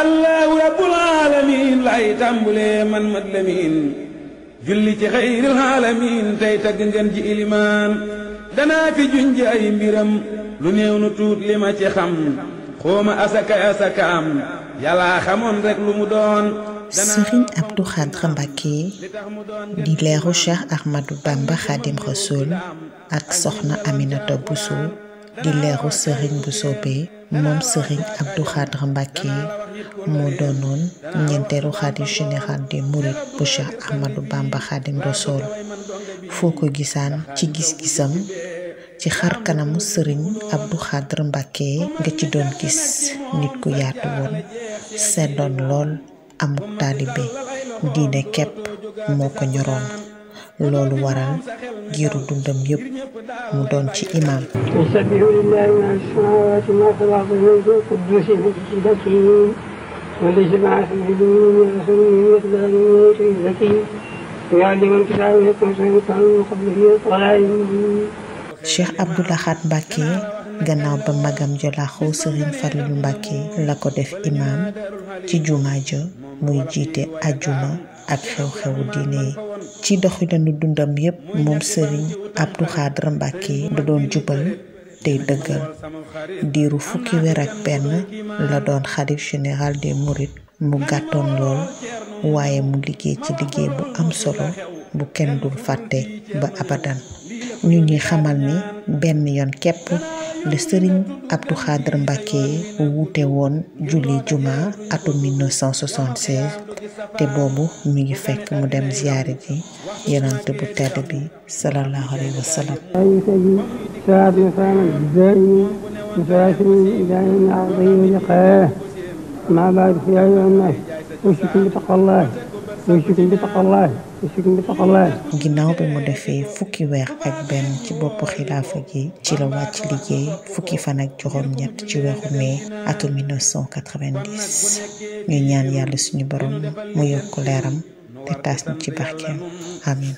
allahu rabbul alamin lay tàmbulee man mat lamin julli ci xayril alamin tey tagg ngeen ji ilimaan danaa fi juñ mbiram lu néew nu tuut li ma ci xam xooma asaka asaka am yàllaa xamoon rek lu mu doon Serigne Abdou Khadre Mbacké di leeru Cheikh Ahmadou Bamba Khadim Rasoul ak soxna Aminata Bousso di leeru Serigne Bousso be moom Serigne Abdou Khadre Mbacké moo doonoon ñeenteelu xalif général des mourides bu Cheikh Ahmadou Bamba Khadim Rassoul foo ko gisaan ci gis-gisam ci xar kanamu sëriñ Abdou Khadr Mbacké nga ci doon gis nit ku yaatu woon seddoon lool amuk taalibe diine képp moo ko ñoroon loolu waral giiru dundam yëpp mu doon ci imaam ولجمع في الدنيا gannaaw ba magam jolaaxu Serigne Fallou Mbacké la ko def imam ci jumaa ja muy jiite ajjuma ak xew-xewu diine ci doxi lanu dundam yépp moom Serigne Abdou Khadre da doon jubal tey dëggal diiru fukki weer ak benn la doon xalif général des mourides mu gàttoon lool waaye mu liggéey ci liggéey bu am solo bu kenn dul fàtte ba abadan ñu ngi xamal ni benn yoon kepp le Serigne Abdou Khadr Mbacké wuute woon julli juma atum 1976 te boobu mi ngi fekk mu dem ziyaare ji yonent bu tedd bi sallallahu alayhi wa sallam ما بعد فيا أيها الناس أوصيكم بتقوى الله mooy sikkim bi mu defee fukki weer ak benn ci bopp xilaafa gi ci la wàcc liggéey fukki fan ak juróom-ñett ci weeru mai atum 1990 ñuy ñaan yàlla suñu borom mu yokk leeram te taas ñu ci barkeem amin